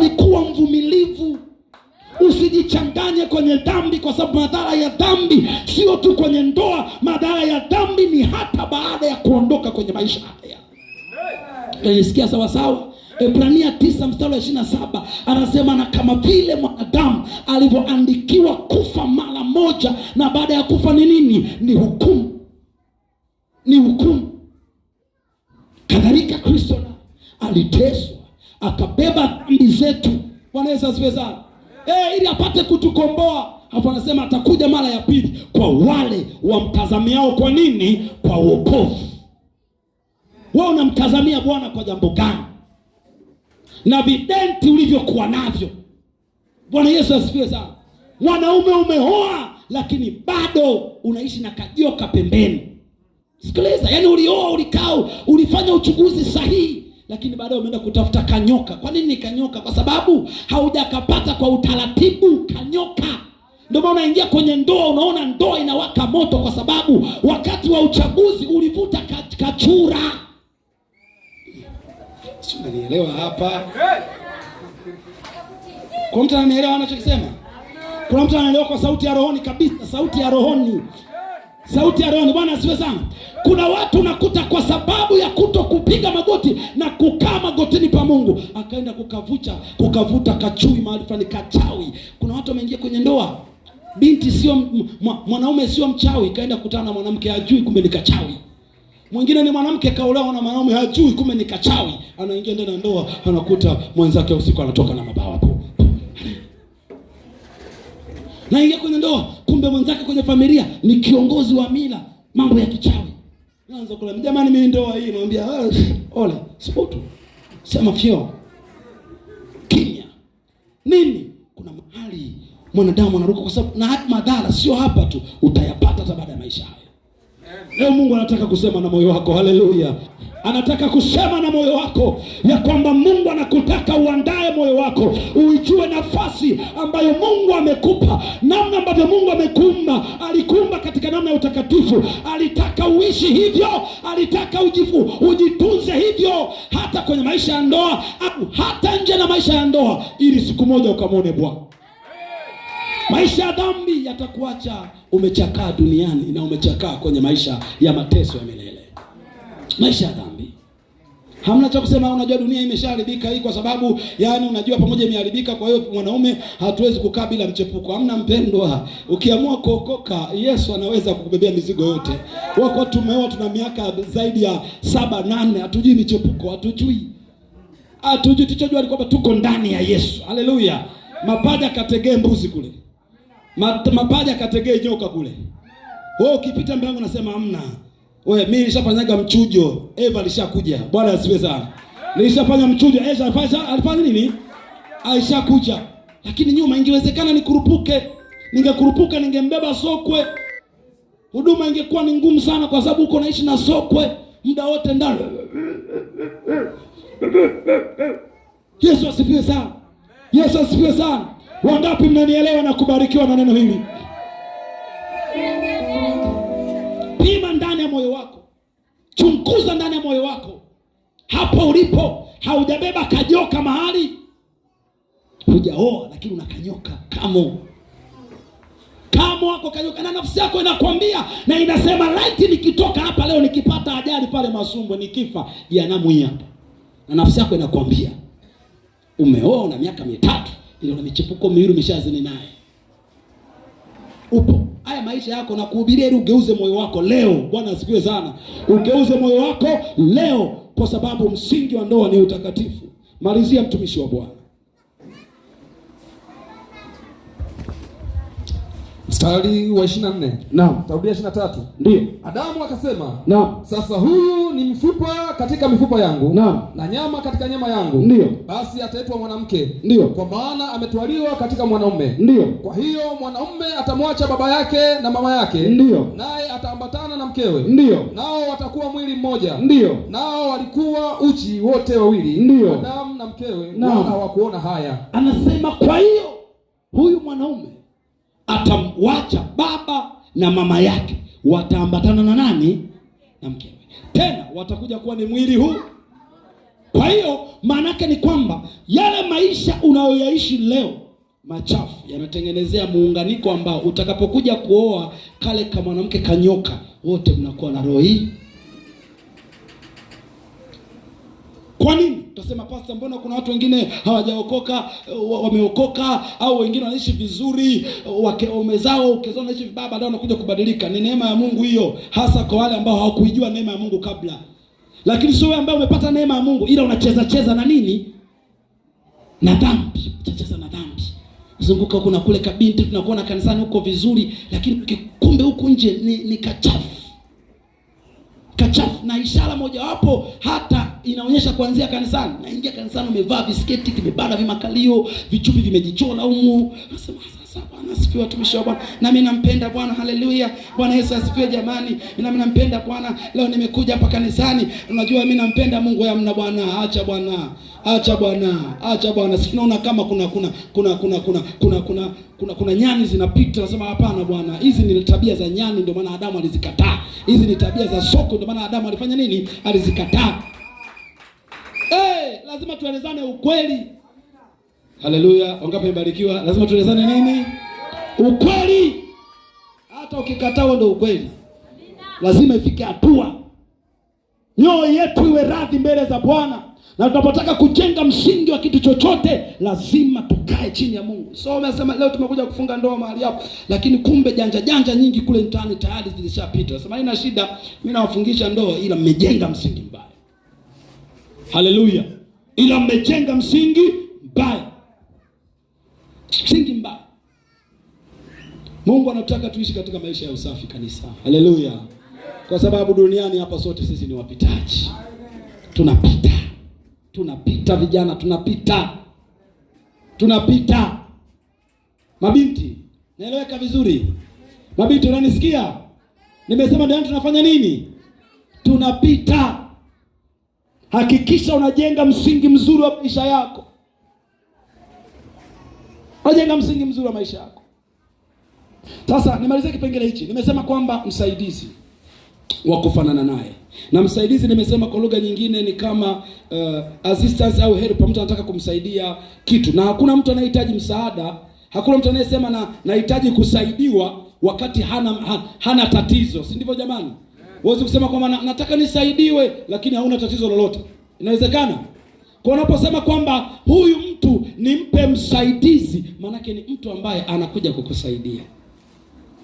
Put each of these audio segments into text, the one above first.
kuwa mvumilivu. Usijichanganye kwenye dhambi, kwa sababu madhara ya dhambi sio tu kwenye ndoa. Madhara ya dhambi ni hata baada ya kuondoka kwenye maisha haya. Nilisikia sawasawa. Ebrania tisa mstari wa ishirini na saba anasema, na kama vile mwanadamu alivyoandikiwa kufa mara moja, na baada ya kufa ni nini? Ni hukumu, ni hukumu. Kadhalika Kristo na aliteswa akabeba dhambi zetu. Bwana Yesu asifiwe sana eh, ili apate kutukomboa. Hapo anasema atakuja mara ya pili kwa wale wamtazamiao. Kwa nini? Kwa wokovu. Wewe unamtazamia Bwana kwa jambo gani? na videnti ulivyokuwa navyo. Bwana Yesu asifiwe sana. Mwanaume umeoa, lakini bado unaishi na kajoka pembeni. Sikiliza, yani ulioa, ulikaa, ulifanya uchunguzi sahihi lakini baadaye umeenda kutafuta kanyoka. Kwa nini kanyoka? Kwa sababu haujakapata kwa utaratibu kanyoka. Ndio maana unaingia kwenye ndoa, unaona ndoa inawaka moto, kwa sababu wakati wa uchaguzi ulivuta kachura. unanielewa hapa? Kuna mtu ananielewa anachokisema? Kuna mtu ananielewa kwa sauti ya rohoni kabisa, sauti ya rohoni. Sauti ya roho Bwana asifiwe sana. Kuna watu unakuta kwa sababu ya kuto kupiga magoti na kukaa magotini pa Mungu, akaenda kukavucha kukavuta kachui mahali fulani, kachawi. Kuna watu wameingia kwenye ndoa, binti sio mwanaume, sio mchawi, kaenda kukutana na mwanamke hajui, kumbe ni kachawi. Mwingine ni mwanamke kaolewa na mwanaume hajui, kumbe ni kachawi. Anaingia ndani ya ndoa, anakuta mwenzake usiku anatoka na mabawa. naingia kwenye ndoa, kumbe mwenzake kwenye familia ni kiongozi wa mila, mambo ya kichawi. Naanza kula jamani, mimi ndoa hii naambia ah, ole spoto sema fyo kimya nini. Kuna mahali mwanadamu anaruka, kwa sababu na madhara sio hapa tu, utayapata hata baada ya maisha haya. Leo Mungu anataka kusema na moyo wako. Haleluya! Anataka kusema na moyo wako ya kwamba Mungu anakutaka uandae moyo wako, uijue nafasi ambayo Mungu amekupa, namna ambavyo Mungu amekuumba. Alikuumba katika namna ya utakatifu, alitaka uishi hivyo, alitaka ujifu, ujitunze hivyo, hata kwenye maisha ya ndoa au hata nje na maisha ya ndoa, ili siku moja ukamwone Bwana. Maisha ya dhambi yatakuacha umechakaa duniani na umechakaa kwenye maisha ya mateso ya milele. Maisha ya dhambi hamna cha kusema. Unajua dunia imeshaharibika hii, kwa sababu yani, unajua pamoja imeharibika. Kwa hiyo mwanaume, hatuwezi kukaa bila mchepuko. Hamna mpendwa, ukiamua kuokoka, Yesu anaweza kukubebea mizigo yote. Wako tumeoa tuna miaka zaidi ya saba nane, hatujui michepuko, hatujui hatujui, tuchojua ni kwamba tuko ndani ya Yesu. Haleluya! mapaja kategee mbuzi kule mapaja kategee nyoka kule. Wewe ukipita mbele yangu unasema hamna. Wewe mimi nishafanyaga mchujo, Eva alishakuja. Bwana asifiwe sana. Nilishafanya mchujo, Eva alifanya alifanya nini? Aishakuja. Lakini nyuma ingewezekana nikurupuke. Ningekurupuka ningembeba sokwe. Huduma ingekuwa ni ngumu sana kwa sababu uko naishi na sokwe muda wote ndani. Yesu asifiwe sana. Yesu asifiwe sana. Wangapi mnanielewa na kubarikiwa na neno hili? Pima ndani ya moyo wako, chunguza ndani ya moyo wako. Hapo ulipo haujabeba kajoka mahali hujaoa, lakini una kanyoka kamo kamo wako kanyoka, na nafsi yako inakwambia na inasema, laiti nikitoka hapa leo nikipata ajali pale Masumbwe nikifa jianamu hii hapa. Na nafsi yako inakwambia umeoa na miaka mitatu niliona michepuko miwili umeshazini naye. Upo haya maisha yako, na kuhubiria ili ugeuze moyo wako leo. Bwana asifiwe sana, ugeuze moyo wako leo, kwa sababu msingi wa ndoa ni utakatifu. Malizia mtumishi wa Bwana. mstari wa 24. Naam. Taudia 23. Ndiyo. Adamu akasema, Naam. Sasa huyu ni mifupa katika mifupa yangu. Naam. Na nyama katika nyama yangu. Ndiyo. Basi ataitwa mwanamke. Ndiyo. Kwa maana ametwaliwa katika mwanaume. Ndiyo. Kwa hiyo mwanaume atamwacha baba yake na mama yake. Ndiyo. Naye ataambatana na mkewe. Ndiyo. Nao watakuwa mwili mmoja. Ndiyo. Nao walikuwa uchi wote wawili. Ndiyo. Adamu na mkewe, wala hawakuona haya. Anasema kwa hiyo huyu mwanaume atamwacha baba na mama yake, wataambatana na nani? Na mkewe. Tena watakuja kuwa ni mwili huu. Kwa hiyo maana yake ni kwamba yale maisha unayoyaishi leo machafu yanatengenezea muunganiko ambao utakapokuja kuoa kale ka mwanamke kanyoka, wote mnakuwa na roho hii. Kwa nini? Utasema pasta, mbona kuna watu wengine hawajaokoka eh, wameokoka, au wengine wanaishi vizuri, wamezao ukezao wanaishi vibaya, baadaye wanakuja kubadilika. Ni neema ya Mungu hiyo, hasa kwa wale ambao hawakuijua neema ya Mungu kabla. Lakini sio wewe ambaye umepata neema ya Mungu, ila unacheza cheza na nini na dhambi, unacheza na dhambi zunguka huko na kule, kabinti tunakuona kanisani huko vizuri, lakini kumbe huku nje ni, ni kachafu kachafu, na ishara mojawapo hata inaonyesha kuanzia kanisani. Naingia kanisani, umevaa visketi vimebana, vimakalio, vichupi vimejichora umu nasema Bwana asifiwe, watumishi wa Bwana, nami nampenda Bwana. Haleluya, Bwana Yesu asifiwe. Jamani, nami nampenda Bwana. Leo nimekuja hapa kanisani, unajua mimi nampenda Mungu. mna bwana, acha bwana, acha bwana, acha bwana. Si tunaona kama kuna kuna kuna kuna kuna kuna kuna kuna, kuna nyani zinapita, nasema hapana bwana, hizi ni tabia za nyani, ndio maana Adamu alizikataa. Hizi ni tabia za soko, ndio maana Adamu alifanya nini? Alizikataa. Eh, hey, lazima tuelezane ukweli. Haleluya, wangapi wamebarikiwa? Lazima tuelezane nini? Ukweli. Hata ukikatawa ndio ukweli, lazima ifike hatua nyoyo yetu iwe radhi mbele za Bwana, na tunapotaka kujenga msingi wa kitu chochote lazima tukae chini ya Mungu. So umesema leo tumekuja kufunga ndoa mahali hapo, lakini kumbe janja janja nyingi kule mtaani tayari zilishapita. Sema ina shida, mimi nawafungisha ndoa, ila mmejenga msingi mbaya. Haleluya, ila mmejenga msingi mbaya. Mungu anataka tuishi katika maisha ya usafi kanisa. Haleluya. Kwa sababu duniani hapa sote sisi ni wapitaji. Tunapita. Tunapita vijana, tunapita. Tunapita. Mabinti, naeleweka vizuri? Mabinti unanisikia? Nimesema duniani tunafanya nini? Tunapita. Hakikisha unajenga msingi mzuri wa maisha yako. Unajenga msingi mzuri wa maisha yako. Sasa nimalizie kipengele hichi. Nimesema kwamba msaidizi wa kufanana naye na msaidizi nimesema kwa lugha nyingine ni kama uh, assistance au help. Mtu anataka kumsaidia kitu, na hakuna mtu anayehitaji msaada, hakuna mtu anayesema na nahitaji kusaidiwa wakati hana ha, hana tatizo, si ndivyo jamani? Huwezi kusema kwamba nataka nisaidiwe lakini hauna tatizo lolote, inawezekana. Kwa unaposema kwamba huyu mtu nimpe msaidizi, maanake ni mtu ambaye anakuja kukusaidia.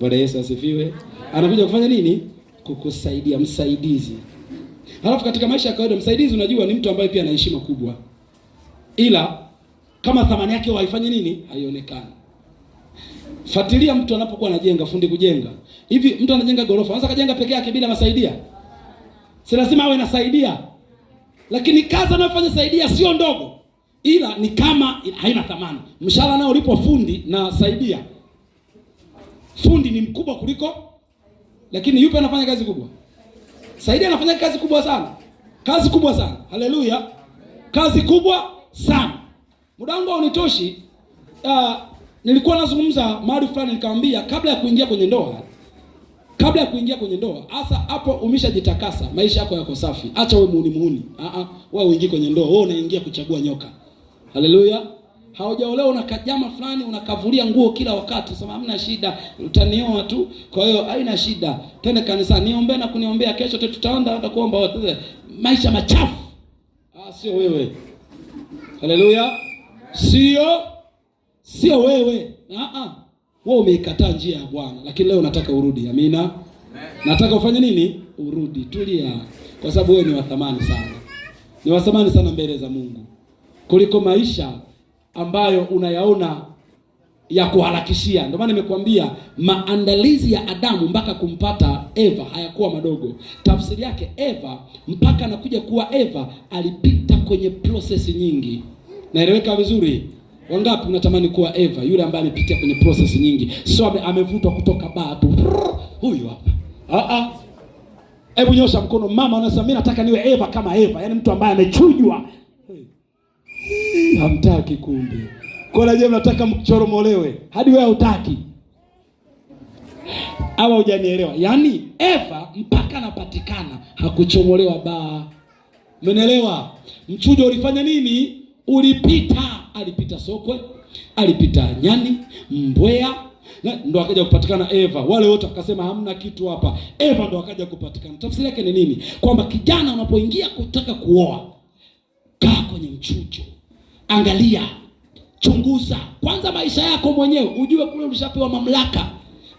Bwana Yesu asifiwe. Anakuja kufanya nini? Kukusaidia, msaidizi. Halafu katika maisha ya kawaida msaidizi, unajua ni mtu ambaye pia ana heshima kubwa, ila kama thamani yake haifanyi nini, haionekani. Fuatilia mtu anapokuwa anajenga, fundi kujenga hivi. Mtu anajenga gorofa, anaweza kajenga peke yake bila masaidia? Si lazima awe nasaidia, lakini kazi anayofanya saidia sio ndogo, ila ni kama haina thamani. Mshahara nao ulipo fundi na saidia Fundi ni mkubwa kuliko, lakini yupi anafanya kazi kubwa? Saidi anafanya kazi kubwa sana, kazi kubwa sana. Haleluya, kazi kubwa sana. Muda wangu haunitoshi. Uh, nilikuwa nazungumza mahali fulani, nikamwambia kabla ya kuingia kwenye ndoa, kabla ya kuingia kwenye ndoa, hasa hapo umeshajitakasa, maisha yako yako safi. Acha wewe muuni muuni, ah ah, wewe uingie kwenye ndoa, wewe unaingia kuchagua nyoka. Haleluya haujaolewa unakajama fulani unakavulia nguo kila wakati, sema hamna shida, utanioa tu. Kwa hiyo haina shida, tende kanisa niombee na kuniombea, kesho tutaenda hata kuomba watuze. Maisha machafu. Ah, sio wewe. Haleluya, sio sio wewe. Ah wewe umeikataa njia ya Bwana, lakini leo nataka urudi. Amina, nataka ufanye nini? Urudi, tulia, kwa sababu wewe ni wa thamani sana, ni wa thamani sana mbele za Mungu kuliko maisha ambayo unayaona ya kuharakishia. Ndio maana nimekuambia maandalizi ya Adamu mpaka kumpata Eva hayakuwa madogo. Tafsiri yake Eva mpaka anakuja kuwa Eva alipita kwenye prosesi nyingi. Naeleweka vizuri? Wangapi unatamani kuwa Eva yule ambaye amepitia kwenye prosesi nyingi, sio amevutwa kutoka baa tu huyu hapa. Ah ah. Hebu nyosha mkono mama unasema mimi nataka niwe Eva kama Eva, yaani mtu ambaye amechujwa hamtaki kumbe. Kwa najua mnataka mchoromolewe, hadi wewe hautaki ama hujanielewa. Yaani Eva mpaka anapatikana hakuchomolewa baa, mmenielewa? Mchujo ulifanya nini? Ulipita, alipita sokwe, alipita nyani, mbwea ndo akaja kupatikana Eva. Wale wote wakasema hamna kitu hapa, Eva ndo akaja kupatikana. Tafsiri yake ni nini? Kwamba kijana, unapoingia kutaka kuoa, kaa kwenye mchujo angalia, chunguza kwanza maisha yako mwenyewe, ujue kule ulishapewa mamlaka.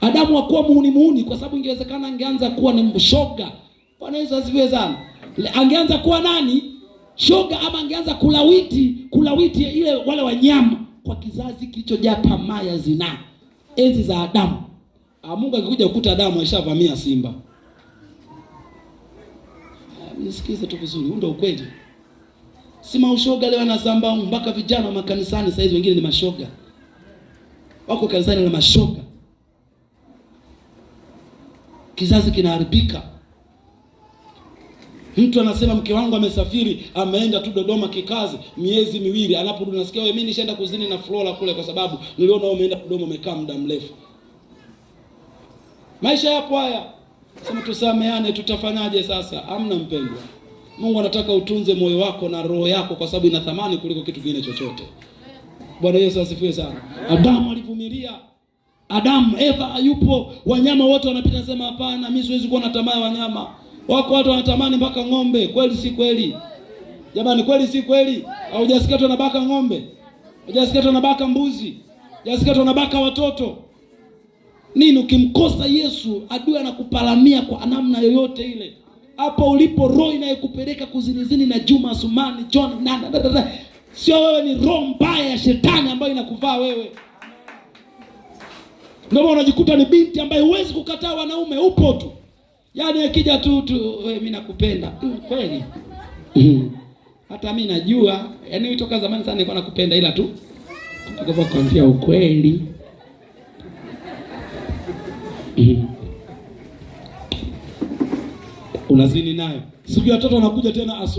Adamu hakuwa muuni muuni, kwa sababu ingewezekana angeanza kuwa ni mshoga. Bwana Yesu asifiwe sana. Angeanza kuwa nani? Shoga, ama angeanza kulawiti, kulawiti ile wale wanyama, kwa kizazi kilichojaa tamaa ya zinaa, enzi za Adamu. Ah, Mungu akikuja kukuta Adamu ameshavamia simba. Nisikize ah, tu vizuri, huo ndio ukweli si maushoga leo anasambaa mpaka vijana wa makanisani saizi, wengine ni mashoga, wako kanisani na mashoga. Kizazi kinaharibika. Mtu anasema mke wangu amesafiri, ameenda tu Dodoma kikazi miezi miwili, anaporudi nasikia wewe, mimi nishaenda kuzini na Flora kule, kwa sababu niliona wewe umeenda Dodoma umekaa muda mrefu. Maisha yapo haya, sema tusameane, tutafanyaje sasa? Amna mpendwa Mungu anataka utunze moyo wako na roho yako, kwa sababu ina thamani kuliko kitu kingine chochote. Bwana Yesu asifiwe sana. Adamu alivumilia. Adamu, Eva hayupo wanyama wote wanapita, nasema hapana, mimi siwezi kuwa na tamaa ya wanyama. Wako watu wanatamani mpaka ng'ombe. Kweli si kweli? Jamani, kweli si kweli? Haujasikia tu anabaka ng'ombe, hujasikia tu anabaka mbuzi, hujasikia tu anabaka watoto nini? Ukimkosa Yesu, adui anakupalamia kwa namna yoyote ile hapo ulipo, roho inayokupeleka kuzinizini na Juma Sumani John nana, sio wewe, ni roho mbaya ya shetani ambayo inakuvaa wewe. ndomaa unajikuta ni binti ambaye huwezi kukataa wanaume, upo tu, yaani akija tu tu, eh, mimi nakupenda mm, kweli. Mm-hmm. Hata mimi najua, yaani toka zamani sana nilikuwa nakupenda, ila tu kuambia ukweli mm-hmm unazini naye, sijui watoto wanakuja tena